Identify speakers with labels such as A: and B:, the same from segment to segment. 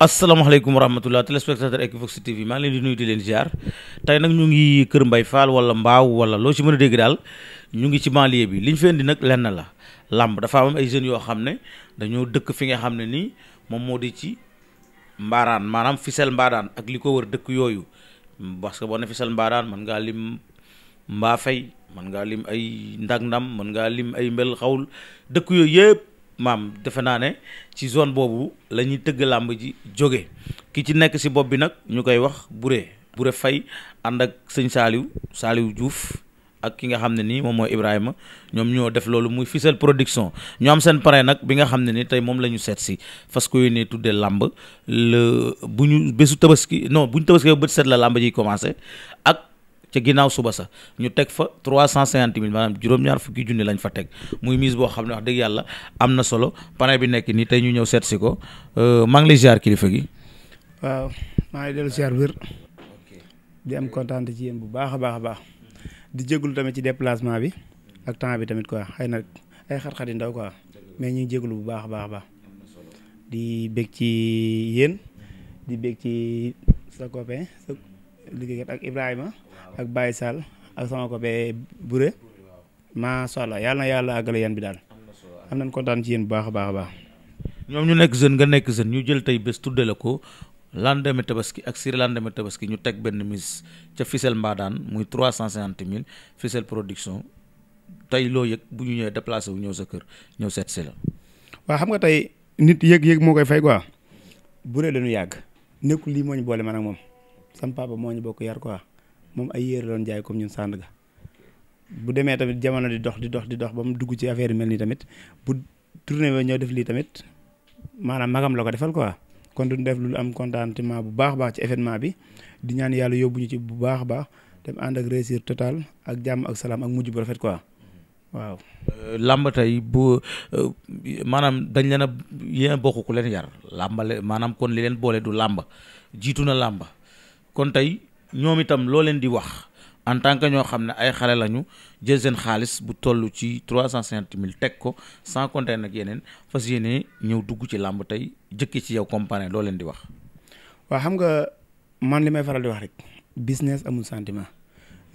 A: asalaamaaleykum wa rahmatulah téléspectateur Equivox TV maa ngi leen di nuyu di leen ziar tey nag ñu ngi Kër Mbay faal wala Mbaaw wala loo ci mën a dégg daal ñu ngi ci banlieue bi li ñu feen di nag lenn la làmb dafa am ay jeunes yoo xam ne dañoo dëkk fi nga xam ne nii moom moo di ci mbaaraan maanaam Fissel mbaaraan ak li ko wër dëkk yooyu parce que boo ne mbaaraan mën ngaa lim mbaa fay mën ngaa lim ay ndagndam mën ngaa lim ay mbel xawul dëkk yooyu yëpp. maam defe naa ne ci zone boobu la ñuy tëgg làmb ji jóge ki ci nekk si bopp bi nag ñu koy wax Bouré Bouré Faye ànd ak sëñ Saliou Saliou juuf ak ki nga xam ne nii moom mooy Ibrahima ñoom ñoo def loolu muy Fissel production ñoo am seen parrain nag bi nga xam ne ni tey moom la ñu seet si fas ko ne tuddee làmb le bu ñu bésu tabaski non bu ñu tabaski bët seet la làmb jiy commencé ca ginnaaw suba sax ñu teg fa trois cent cinquante mille maanaam juróom-ñaar fukki junni lañ fa teg muy mise boo xam ne wax dëgg yàlla am na solo pare bi nekk ni tey ñu ñëw seet si ko euh, maa ngi kilifa gi.
B: waaw maa ngi dellu ziar wér di am kontaan ci yéen bu baax a baax a baax di jégalu tamit ci déplacement bi ak temps bi tamit quoi xëy na ay xat-xat yu ndaw quoi mais ñuy ngi jégalu bu baax a baax a baax di bég ci yéen di bég ci sa copain sa liggéeykat ak Baye Sall ak sama ko bee Bure macha allah yàlla na yàlla àggale yéen bi
A: daal am nañ kontaan ci yéen bu baax a baax a baax. ñoom ñu nekk jeune nga nekk jeune ñu jël tey bés tudde la ko lendemain tabaski ak sur lendemain tabaski ñu teg benn mise ca Ficelle Mbadane muy trois cent cinquante mille Ficelle production tey loo yëg bu ñu ñëwee déplacé wu ñëw sa kër ñëw seet si la.
B: waaw xam nga tey nit yëg yëg moo koy fay quoi. Bure dañu yàgg nekkul lii moo ñu boole man ak moom sam papa moo ñu bokk yar quoi. moom ay yére loon jaay comme ñun Sandaga bu demee tamit jamono di dox di dox di dox ba mu dugg ci affaire yu mel nii tamit bu tourné ba ñëw def lii tamit maanaam magam la ko defal quoi kon du duñ def lu am contentement bu baax baax ci événement bi di ñaan yàlla yóbbu ñu ci bu baax baax dem ànd ak réussir total ak jàmm ak salaam ak mujj bu rafet quoi waaw.
A: Euh, làmb tey bu euh, maanaam dañ leen a bokku a bokk ku leen yar làmbale maanaam kon li leen boole du làmb jiitu na làmb ñoom itam loo leen di wax en tant que ñoo xam ne ay xale lañu jël seen xaalis bu toll ci trois cent cinquante teg ko sans compter nag yeneen fas yéene ñëw dugg ci làmb tey jëkki ci yow compagnie loo leen di wax.
B: waa xam nga man li may faral di wax rek business amul sentiment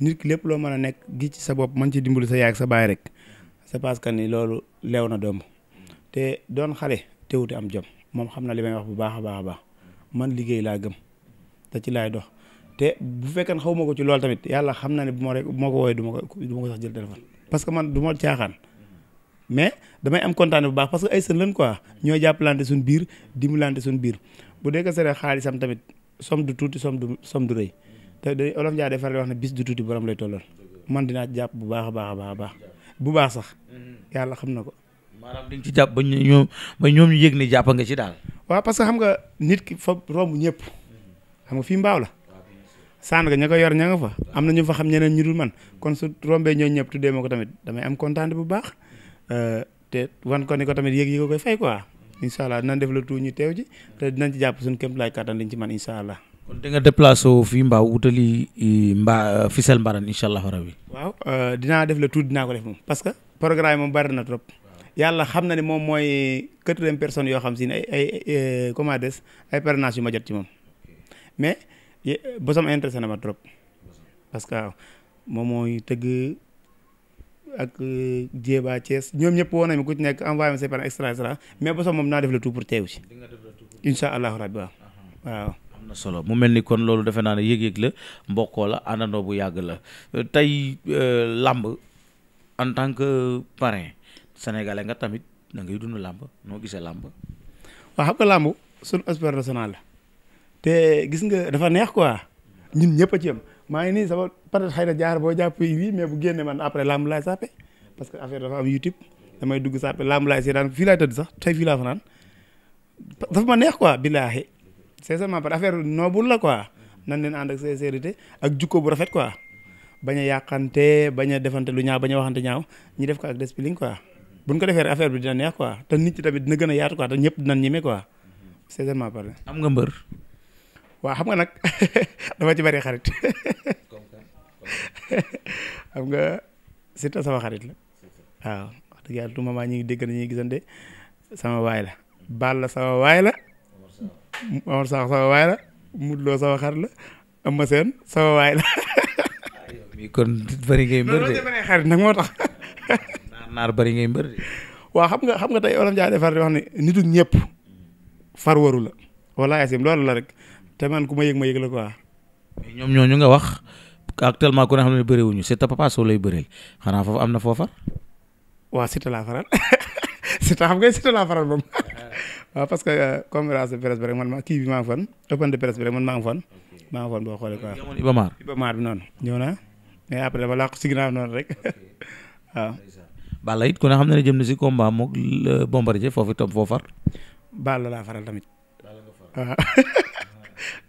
B: nit ki lépp loo mën a nekk gi ci sa bopp man ci dimbali sa yaay ak sa baay rek c'est parce que ni loolu leew na doom te doon xale teewute am jom moom xam na li may wax bu baax a baax a baax man liggéey laa gëm te ci laay dox. te bu fekkee xaw ma ko ci loolu tamit yàlla xam na ne bu ma rek bu ma ko woowee du ma ko du ma ko sax jël téléphone parce que man du ma caaxaan mais damay am kontaane bu baax parce que ay sën lan quoi ñoo jàppalante suñ biir dimbalante suñ biir bu dee sere xaalisam tamit somme du tuuti du somme du rëy te da olof Njaay day faral ne bis du tuuti borom lay tolloon man dinaa jàpp bu baax baax a baax bu baax sax yàlla xam
A: na ko maanaam ci jàpp ba ñoom ba ñoom ñu yëg ne jàpp nga ci daal waaw parce
B: que xam nga nit ki fa romb ñëpp xam nga fii mbaaw la Sandaga ña ko yor ña nga fa am na ñu fa xam ñeneen ñu dul man kon su rombee ñoo ñëpp tuddee ma ko tamit damay am kontaan bu baax euh, te wan ko ni ko tamit yéeg yi ko koy fay quoi incha allah dinañ def la tout ñu teew ji te dinañ ci jàpp suñu kéem laay kàttan liñ ci man incha allah.
A: kon da nga déplacé wu mbaa wutali mbaa euh, Fissel Mbarane incha allah rabi.
B: waaw euh, dinaa def la tout dinaa ko def moom parce que programme moom bari na trop. yàlla xam na ne moom mooy quatrième personne yoo xam si ne ay ay comment des ay parrainages yu ma jot ci moom mais. bosom intéressé na ma trop parce que waaw moom mooy tëgg ak Jéba euh, Thiès ñoom ñëpp woon nañu ku ci nekk envoyé ma say par extra extra mais bosom moom naa def le tout pour teew si incha allahu
A: rabbi waaw am na solo mu mel ni kon loolu defe naa ne yëg-yëg la mbokkoo la àndandoo bu yàgg la euh, tey euh, làmb en tant que parrain sénégalais nga tamit da ngay dund làmb noo gisee làmb
B: waaw xam nga làmb suñu sport national te gis nga dafa neex quoi ñun ñëpp a ci maa ngi nii sama peut-être xëy na jaar boo jàpp yi mais bu génnee man après làmb laay sàppe parce que affaire dafa am YouTube damay dugg sàppe làmb laay seetaan fii laay tëdd sax tey fii laa fanaan dafa ma neex quoi billaahi c'est seulement par affaire la quoi nan leen ànd ak sincérité ak jukko bu rafet quoi bañ a yàqante bañ a lu ñaaw bañ a waxante ñaaw ñu def ko ak despiling quoi buñ ko defee affaire bi dina neex te nit ci tamit dina gën a yaatu quoi te ñëpp dinañ ñeme quoi sincèrement parlé am nga mbër waa xam nga nag dama ci bari xarit xam nga Siteu sama xarit la waaw wax dëgg yàlla tout moment ñi ngi dégg nañuy gisante sama waay la Balla la Omar Sakho sama waay la Modou Lo sama xarit la Eumeu Sène sama waay la
A: mi kon bëri ngay mbër de
B: xarit nag moo tax
A: naar naar bëri ngay mbër de
B: waaw xam nga xam nga tey Olam Dia defar di wax ne nitu ñëpp far waru la wala asim loolu la rek te man ku ma yëg ma yëg la quoi.
A: ñoom ñooñu nga wax actuellement ku ne xam ne bëriwuñu c'est ta papa lay bëreel xanaa foofu am na foofa.
B: waaw Siteu laa faral Siteu xam nga Siteu laa faral moom waaw parce que euh, conférence de presse bi rek man ma kii bi maa ngi fan open de presse bi rek man maa ngi fan maa ngi fan boo xoolee quoi. Iba Mar Iba bi noonu. ñëw naa mais après dama làqu si ginnaaw noonu rek waaw.
A: Balla it ku far.
B: Balla laa faral tamit. waaw.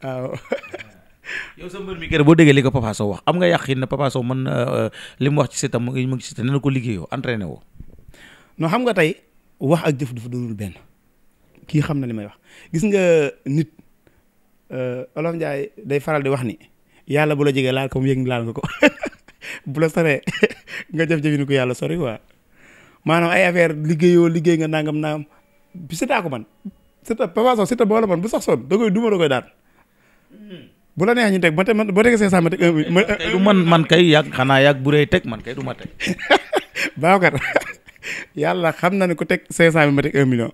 A: waaw. yow sa mbër mi kër boo déggee li ko Papa wax am nga yàqin ne Papa Sow man euh, euh, li mu wax ci Siteu mu ngi mu ngi Siteu nee ko liggéeyoo entraîné woo.
B: non xam nga tey wax ak jëf dafa doonul benn kii xam na li may wax gis nga nit euh, Olof Ndiaye day faral di wax ni yàlla bu la jege laal ko mu yëg laal nga ko bu la soree nga jëf jëfinu ko yàlla sori quoi maanaam ay affaire liggéeyoo liggéey nga nangam naa bi Siteu ko man Siteu Papa Sow Siteu boo la man bu sax son da koy duma da koy daan bu la neex ñu teg ba te man boo tegee ma teg 1 euh, million. Euh, man
A: man kay yàgg xanaa yàgg bu rëy teg man kay du ma teg. baaxul kat yàlla xam na ne ku teg 500 ma teg 1 million.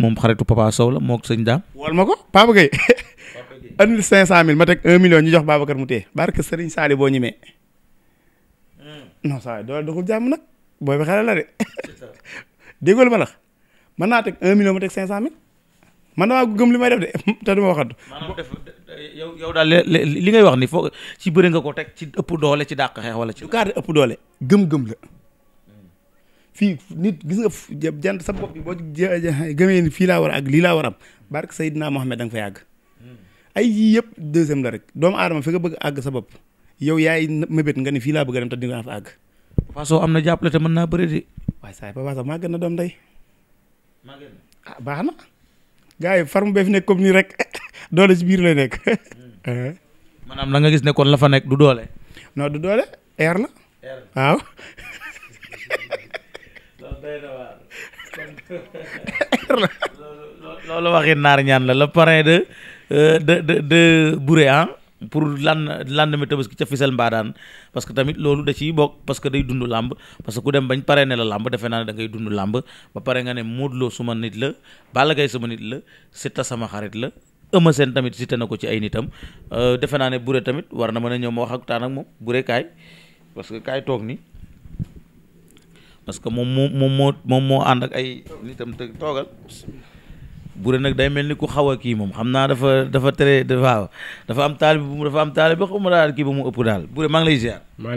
A: moom xaritu Papa Sow la moog sëñ daam.
B: wol ma ko Papa Guèye. andil 500000 ma teg 1 million ñu jox Babacar mu téye barke Serigne Sali boo ñemee. Hmm. non saa yi doole doxul jàmm nag booy xale la de. déggoo ma la. man naa teg un million ma teg cinq cent mille man damaa
A: gëm li may def de te du ma waxatu. maanaam yow yow daal li ngay wax ni foo ci bëri nga ko teg ci ëpp doole ci dàq xeex wala ci. du kaar ëpp doole gëm-gëm la
B: fii nit gis nga jant sa bopp gëmee ni fii laa war a ak lii laa war a am barke Seydina Mohamed da nga fa yàgg. ay yii yëpp deuxième la rek doomu aadama fi nga bëgg àgg sa bopp yow yaay mébét nga ni fii laa bëgg a dem te di fa àgg.
A: Papa Sow am na jàppale te mën naa bëri de. waaye saa
B: yi Papa Sow maa gën
A: ah
B: baax na gaa yi farm ba fi nekk comme nii rek doole si biir lay nekk. Hmm. Eh.
A: maanaam da nga gis nekkoon la fa nekk du doole.
B: non du doole air la. air waaw.
A: loolu waxi naar ñaan la le parrain de euh, de de de ah. pour lan lendemain tabaski ca fisel mbaadaan parce que tamit loolu da ciy bokk parce que day dund làmb parce que ku dem bañ pare ne la làmb defe naa ne da ngay làmb ba pare nga ne Modou Lo suma nit la Balla Gaye sama nit la Siteu sama xarit la Eumeu seen tamit cité na ko ci ay nitam euh, defe naa ne Bouré tamit war na mën a ñëw ma wax ak taan ak moom Bouré kaay parce que kaay toog ni parce que moom moo moom moo moom moo ànd ak ay nitam te toogal Buré nag day mel ni ku xaw a kii moom xam naa dafa dafa tere dafa dafa am taalib bu mu dafa am taalib ba xaw ma daal kii ba mu ëpp daal Buré maa ngi lay ziar. maa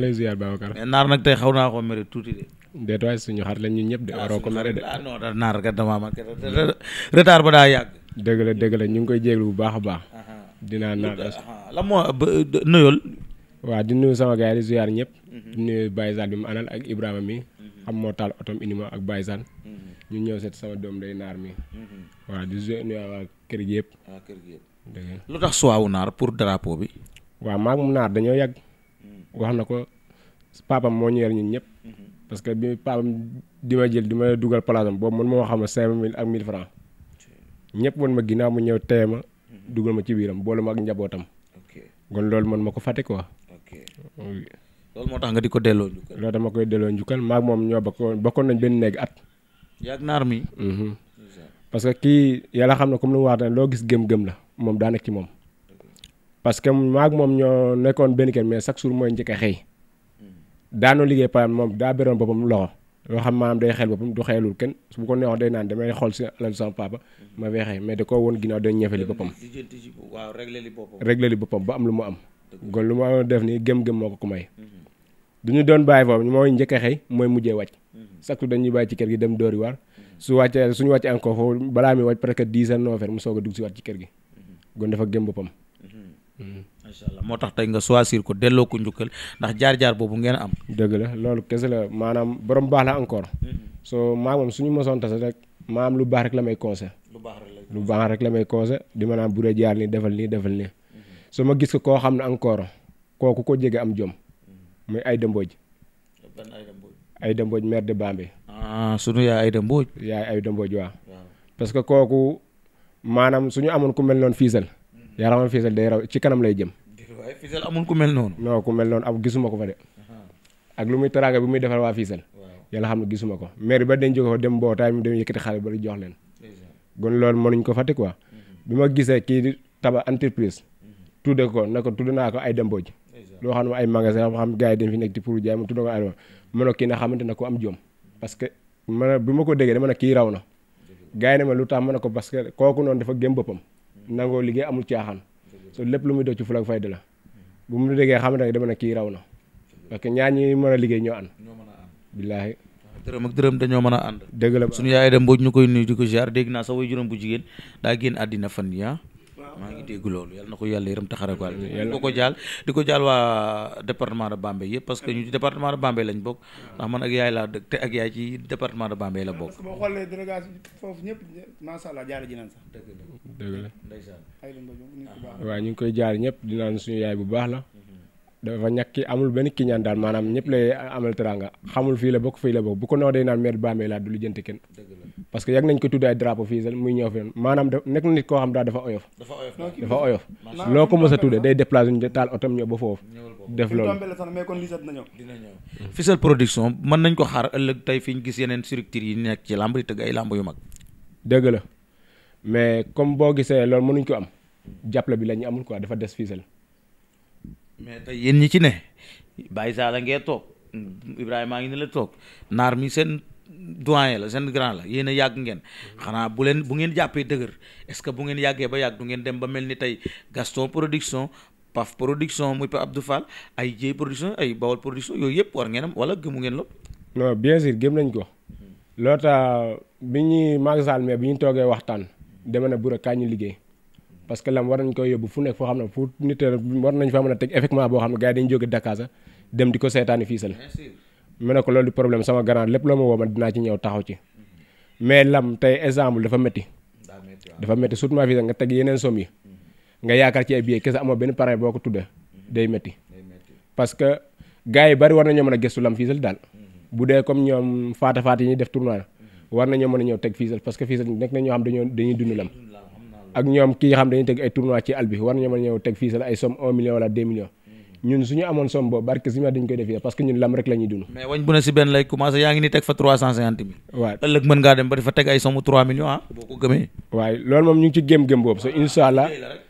A: naar nag tey xaw naa ko mere tuuti de. déet waay suñu
C: xar lañ ñun ñëpp de. waroo ko mere de ah, naar kat dama man retard ba daa yàgg. dëgg la ñu ngi koy jéeglu bu baax a baax. Ah, ah. dinaa naar la moo nuyool. waaw di nuyu sama gars yi ñëpp. Mhm. di bi mu ak Ibrahima mi. Mhm. xam moo taal otom indi ak Baye ñu ñëw seet sama doom day naar mi. Mhm. waaw di nuyu waa kër gi waa ah, kër gi lu tax suwaawu naar pour drapeau bi. waa maag mu naar dañoo yàgg. Mhm. wax na ko papam moo ñu yar ñun ñëpp. Mhm. parce que bi papam di ma jël di ma dugal palaasam boobu mën moo xam ne cinq mil ak mille francs ñëpp woon ma ginaaw mu ñëw teye ma. dugal ma ci biiram boole ma ak njabootam. kon loolu mën ma ko fàtte quoi.
A: loolu moo tax nga di ko delloo
C: njukkal. loolu dama koy delloo njukkal maag moom ñoo bokkoon bokkoon nañ benn néeg at.
A: yaag naar mi.
C: parce que kii yàlla xam ne comme lu mu wax ne loo gis gëm-gëm la moom daa nekk ci moom. parce que maak moom ñoo nekkoon benn kenn mais chaque jour mooy njëkk a xëy. Mm. daanoo liggéey par moom daa beroon boppam loxo yoo xam maanaam day xel boppam du xelul kenn su bu ko neexoon day naan damay xool si alal sama papa. Mm-hmm. ma weexee mais da koo woon ginaaw day ñeefeli boppam.
A: waaw réglé li boppam.
C: réglé li boppam ba am lu mu am. kon lu ma def nii gëm-gëm moo ko ko may. Mm-hmm. du ñu doon bàyyi foofu njëkk xëy mooy mujjee wàcc. Mm-hmm. sakku dañuy bàyyi ci kër gi dem dóori waar su wàccee suñu wàccee encore foofu balaa mi wàcc presque dix heures mu soog dugg si waat ci kër gi gon dafa gëm boppam mm-hmm.
A: macha allah moo tax tey nga choisir ko delloo ko njukkal ndax jaar-jaar boobu ngeen am
C: dëgg la loolu kese la maanaam borom baax la encore mm-hmm. soo maa suñu mosoon tase rek maam lu baax rek la may conseil lu baax rek la may conseil di ma naan bu dee jaar nii defal nii defal nii mm-hmm. so ma gis ko koo xam ne encore kooku ko jege am jom muy ay dëmbooj ay Mbodj maire de Bambey. ah sunu yaay ay Mbodj. yaay Aïda Mbodj waaw. parce que kooku maanaam suñu amoon ku mel noonu fiisal. Mhm. yaramam fiisal day raw ci kanam lay jëm. waaye fiisal amul ku mel noonu. non ku mel noonu ab gisuma ko fa de. Uh-huh. ak lu muy teraanga bi muy defal waa fiisal. yàlla xam ne gisuma ko maire ba dañ jóge fa dem mbootaay mi dem yëkkati xaalis ba di jox leen. kon loolu mënuñ ko fàtte quoi. Mhm. bi ma gisee kii di tabax entreprise. Mhm. tudde ko na ko tudd naa ko ay Mbodj loo xam ne ay magasin boo xam gars yi dañ fi nekk ci pour jaay mu tudd ko alima mën a kii na xamante ne ko am jom parce que a bi ma ko déggee dama ne kii raw na gars ne ma lu tax ma ne ko parce que kooku noonu dafa gém boppam nangoo liggéey amul caaxaan so lépp lu muy def ci fulag fayda la bu mu déggee xamante dama ne kii raw na parce que mën a liggéey ñoo ànd billaahi dërëm ak
A: dërëm dañoo mën a ànd dëgg la suñu yaay dem boo ñu koy nuyu di ko ziar dégg naa sa way juróom bu jigéen daa génn àddina fan yi ah. maa ngi dégg loolu yal na ko yàlla yërëm taxare ko yàlla ko ko jaal di ko jaal waa département de Bambey parce que ñu ci département de Bambey bokk ndax man ak yaay laa dëkk te ak yaay ci département de Bambey la bokk
B: boo xoolee délégation ñëpp masha Allah jaara ji naan
A: sax
C: ñu ngi koy jaar ñëpp di naan suñu yaay bu baax la dafa ñàkki amul benn ki ñaan daal maanaam ñëpp lay amal teranga xamul fii la bokk fii la bokk bu ko neex day naan maire Bambey laa du lijjanti kenn parce que yàgg nañ ko tudd ay drapeau fii sax muy ñëw fi maanaam da nekk na nit koo xam daal dafa oyof dafa oyof loo ko mos a tudde day déplacé ñu taal otom ñëw ba foofu def loolu Fissel production mën nañ ko xaar ëllëg tey
A: fi ñu gis yeneen structures yi nekk ci làmb yi tëgg ay làmb yu mag
C: dëgg la mais comme boo gisee loolu mënuñ ko am jàppale bi la ñu amul quoi dafa des Fissel
A: mais tey yéen ñi ci ne Baye Sala ngee toog Ibrahima ngi ne la toog naar mi seen doyen la seen grand la yéen yàgg ngeen xanaa bu leen bu ngeen jàppee dëgër est-ce que bu ngeen yàggee ba yàgg du ngeen dem ba mel ni tey Gaston production Paf production muy Pape Abdou Fall ay Jéy production ay Bawol production yooyu yëpp war ngeen am wala gëmu ngeen lool.
C: non bien sûr gëm nañ ko. loolu tax bi ñuy magasal mais bi ñu toogee waxtaan. dama ne bura kañ ñu liggéey. parce que lam war nañ koy yóbbu fu nekk foo xam ne fu nit war nañ fa mën a teg effectivement boo xam ne gars yi dañu jóge Dakar sax di ko seetaani fii mu ne ko loolu di problème sama ganaar lépp loo ma woo ma dinaa ci ñëw taxaw ci mais lam tey exemple dafa métti dafa métti surtout fii nga teg yeneen somme yi mm-hmm. nga yaakaar ci ay billets kese amoo benn parrain boo ko tuddee mm-hmm. day métti parce que gars bari war nañoo mën a gëstu lam fiisal daal mm-hmm. bu dee comme ñoom faata faata yi def tournoi war nañoo mën a ñëw teg fiisal parce que fiisal nekk na ñoo xam dañuy dund lam ak ñoom kii xam dañuy teg ay tournoi a ñëw teg fiisal ay somme 1 million wala 2 ñun suñu amoon somme boobu barke si ma dañ koy defee parce que ñun lam rek la ñuy dund mais
A: wañ bu ne si benn lay commencé yaa ngi ni teg fa trois cent cinquante mille waaw ëllëg mën ngaa dem ba di fa teg ay somme trois millions ah boo ko gëmee
C: waaye loolu moom ñu ci gém-gém boobu so incha allah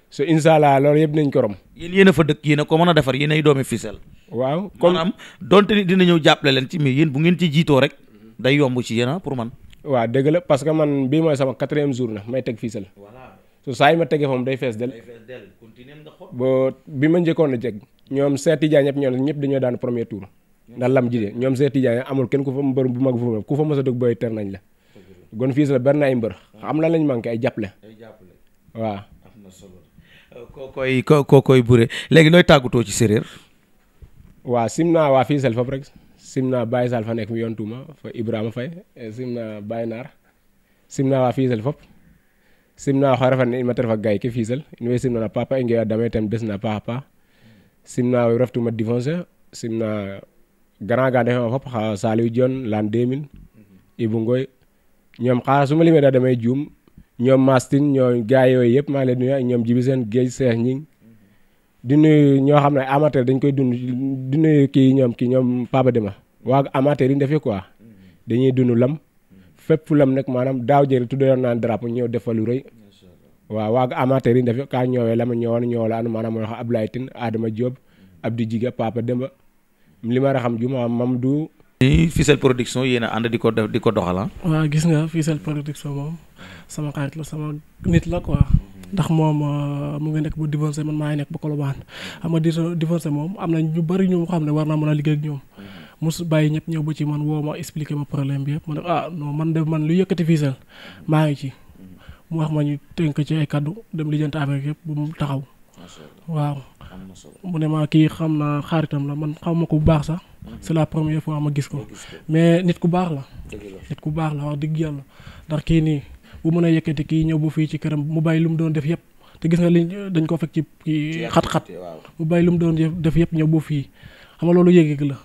C: so loolu yëpp nañ ko rom yéen yéen a fa dëkk yéen a ko mën a defar yéen ay doomi
A: ficelle waaw comme maanaam donte ni dina ñëw jàppale leen ci mais yéen bu ngeen ci jiitoo rek day yomb
C: ci waaw ah, dëgg la parce que man bii mooy sama quatrième jour na ma tegee fa mu day fees del ba bi a jeg ñoom Cheikh Tidiane ñëpp ñoom ñëpp dañoo daan premier tour ndax lam ji de ñoom Cheikh Tidiane amul kenn ku fa mbër bu mag fu ku fa mos a dugg booy ter nañ la gon fii la bari na ay mbër xam lan lañ manqué ay jàppale waaw euh, kookoy
A: kookoy Bouré léegi looy tàggutoo ci séréer
C: waaw sim naa waa fii sel fop rek sim naa Baye Sall fa nekk mi yoon tuuma fa Ibrahima Faye eh, sim naa Baye Naar sim naa waa fii sel fop sim naa xore fa ne ma ter fa gay ke fii sel in way sim naa na papa i ngeewa dame tem des na paax paax simna reftuma difonse simna grand ga defema fop xa Saliou Dione l'an 2000 Ibou Ngoy ñoom xaa su ma limee da damay juum ñoom Mastin ñoo gaay yooyu yëpp maa ngi leen di nuyu ñoom jibi seen géej seex ñing di nuy ñoo xam ne amateur dañ koy dund di nuyu kii ñoom kii ñoom Papa Dema waa amateur yi ñu defee quoi dañuy dund lam fépp fu lam nag maanaam daaw jëri tuddoon naan drapeau ñëw defal lu rëy waaw waaga amateur yi def ka ñoowe lama ñowoon ñowolaan maanaam waxa Abdoulaye Tine Adama Diop Abdou Diga Papa Demba li ma raxam juma mam du
A: ni Fissel production yéen a ànd di ko di
D: ko doxal ah? waaw gis nga Fissel production moom sama xarit la sama nit la quoi ndax moom euh, mu ngi nekk bu divorcé man maa ngi nekk bu Colobane xam nga divorcé moom am na ñu bari ñoom xam ne war naa mën a liggéey ak ñoom mus bàyyi ñëpp ñëw ba ci man woo ma expliqué ma problème bi yëpp ma ne ah man de man lu yëkkati Fissel maa ngi ci mu wax ma ñu tënk ci ay kaddu dem lijjanti affaire yëpp bu mu taxaw. waaw mu ne ma kii xam naa xaaritam la man xaw ma ko bu baax sax. Mhm. c'est la première fois ma gis ko. mais nit ku baax la. nit ku baax la wax dëgg yàlla ndax kii nii bu mën a yëkkati kii ñëw bu fii ci këram mu bàyyi lu mu doon def yëpp. te gis nga li dañ ko fekk ci xat-xat mu bàyyi lu mu doon def yëpp ñëw bu fii xam nga loolu yëg-yëg la.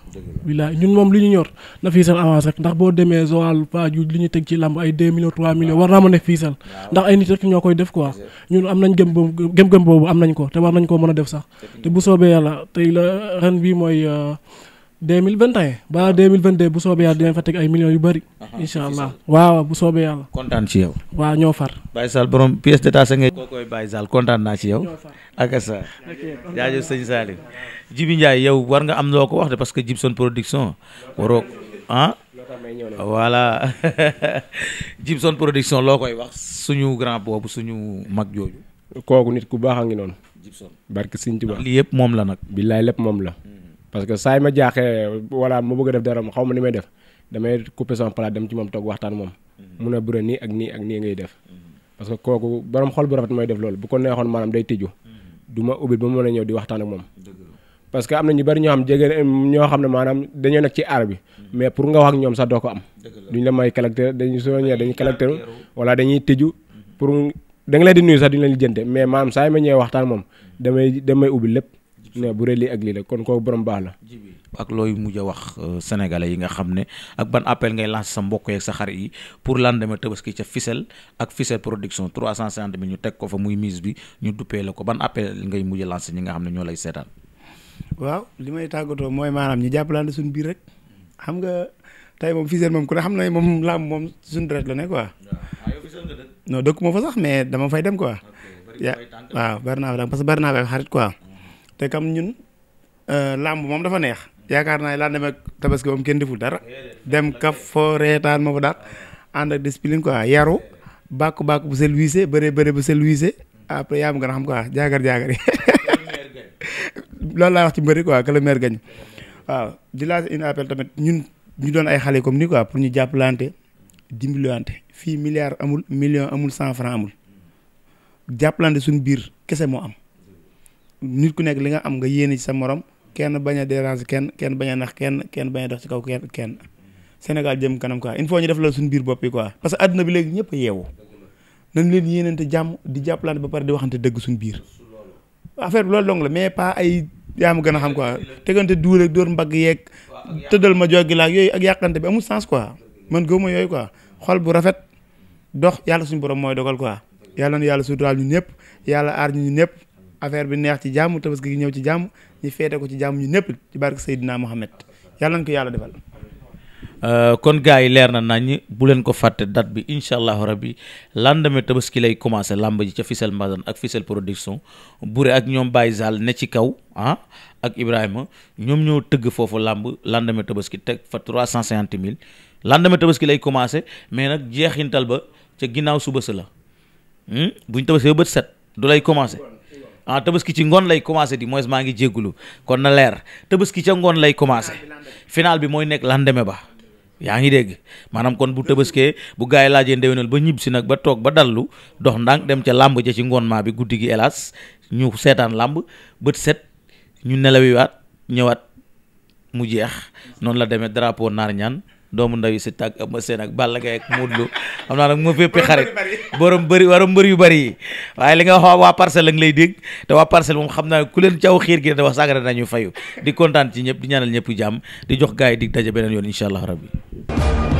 D: bilaay ñun moom li ñu ñor na fiisal avance ndax boo demee Joal pa ñu teg ci lamb ay 2 millions 3 millions war naa mën a fiisal ndax ay nit ñoo koy def quoi ñun am nañ gëm boobu boobu am nañ ko te war nañ koo mën a def sax te bu soobee yàlla tey la ren bi mooy euh, deux mille vingt et un balaa deux mille vingt deux bu soobee yàlla dinañ fa teg ay millions yu bëri. incha allah waaw bu soobee yàlla. kontaan ci yow. waaw ñoo far. Baye Sall borom pièce détachée ngay. koo
A: koy Baye Sall kontaan naa ci sa jaajëf yow war nga am loo ko wax de parce que Jibson production waroo ah. voilà Jibson production loo koy wax suñu grand boobu suñu mag jooju.
C: kooku nit ku baax a ngi noonu. Jibson barke sëñ yëpp moom la nag. billaay lépp moom la. Hmm. parce que saa yi ma jaaxee wala ma bëgg a def dara xaw ma ni may def damay couper sama plat dem ci moom toog waxtaan moom. Mm-hmm. mun a bëre nii ak nii ak nii ngay def. Mm-hmm. parce que kooku borom xol bu rafet mooy def loolu bu ko neexoon maanaam day tëju. Mm-hmm. du ma ubbi parce que am na ñu bari ñoo xam jege ñoo maanaam dañoo nekk ci aar bi. mais pour nga wax ak ñoom sax doo ko am. duñ la may caractère dañuy soo ñëwee dañuy caractère wala dañuy tëju pour da leen di nuyu sax duñ leen lijjante mais maam saa yi ma ñëwee waxtaan moom damay damay ubbi lépp ne bu dee lii ak lii la kon kooku borom baax la.
A: ak looy mujj a wax euh, sénégalais yi nga xam ne ak ban appel ngay lancer sa mbokk yeeg sa xarit yi pour lan lendemain tabaski ca Fissel ak Fissel production 350 mille ñu teg ko fa muy mise bi ñu duppee la ko ban appel ngay mujj a ñi nga xam ne ñoo lay seetaan.
B: waaw li may tàggatoo mooy maanaam ñu jàppalante suñu biir rek xam nga tey moom Fissel moom ku ne xam na moom làmb moom suñu deret la ne k non dëkk moo fa sax mais dama fay dem quoi. bari naa fa parce que bari naa fa xarit te kam ñun euh, làmb moom dafa neex yaakaar naa laa demee tabaski moom kenn deful dara dem kaf foo reetaan ma fa daal ànd ak ko quoi yaru bàkku bàkku bu sel wiise bëree bëri bu sel wiise après yaa ma gën a xam quoi jaagar jaagar yi loolu laa wax ci mbëri ko que le maire waaw di laa une appel tamit ñun ñu doon ay xale comme ni quoi pour ñu jàppalante dimbalante fii milliard amul million amul cent franc amul jàppalante suñu biir kese moo am nit ku nekk li nga am nga yéene ci sa morom kenn bañ a déranger kenn kenn bañ a nax kenn kenn bañ a dox ci kaw kenn kenn Sénégal jëm kanam quoi il faut ñu def la suñu biir bopp yi quoi parce que àdduna bi léegi ñëpp a yeewu nañ leen yéenante jàmm di jàppalante ba pare di waxante dëgg suñu biir affaire bi loolu dong la mais pas ay yaa ma gën a xam quoi tegante duur ak dóor mbagg yeeg tëddal ma joggi laak yooyu ak yàqante bi amul sens quoi man gëwuma yooyu quoi xol bu rafet dox yàlla suñu borom mooy dogal quoi yàlla na yàlla suturaal ñu ñëpp yàlla aar ñu ñëpp affaire bi neex ci jàmm tabaski gi ñëw ci jàmm ñu feete ko ci jàmm ñu ñëpp ci barke Seydina Mohamed yàlla na ko yàlla defal.
A: Euh, kon gars yi leer na nañ bu leen ko fàtte date bi incha allahu rabbi lendemain tabaski lay commencé làmb ji ca fisel Mbazane ak Fissel production bure ak ñoom Baye Zal ne ci kaw ah ak Ibrahima ñoom ñoo tëgg foofu làmb lendemain tabaski teg fa trois cent cinquante mille lendemain tabaski lay commencé mais nag jeexintal ba ca ginnaaw suba sa la hmm? lay commencé. waa ah, tabaski ci ngoon lay commencé di moise maa ngi jéggulu kon na leer tabaski ca ngoon lay commencé final bi mooy nekk lendemain ba yaa ngi dégg maanaam kon bu tëbaskee bu gars yi laajee ndewenal ba ñibbisi nag ba toog ba dallu dox ndànk dem ca làmb ja ci ngoon maa bi guddi gi hélas ñu seetaan làmb bët set ñu nelawiwaat ñëwaat mu jeex noonu la demee drapeau naar ñaan doomu ndaw yi si tàgg ma Sène ak Balla Gaye ak Modou Lo xam naa nag mu féppi xarit borom bëri warom mbër yu bari yi waaye li nga wax waa parcelle lañ lay dégg te waa parcelle moom xam naa ku leen caw xiir gi ne wax sagara nañu fayu di kontaan ci ñëpp di ñaanal ñëpp jàmm di jox gars yi di daje beneen yoon incha allah rabbi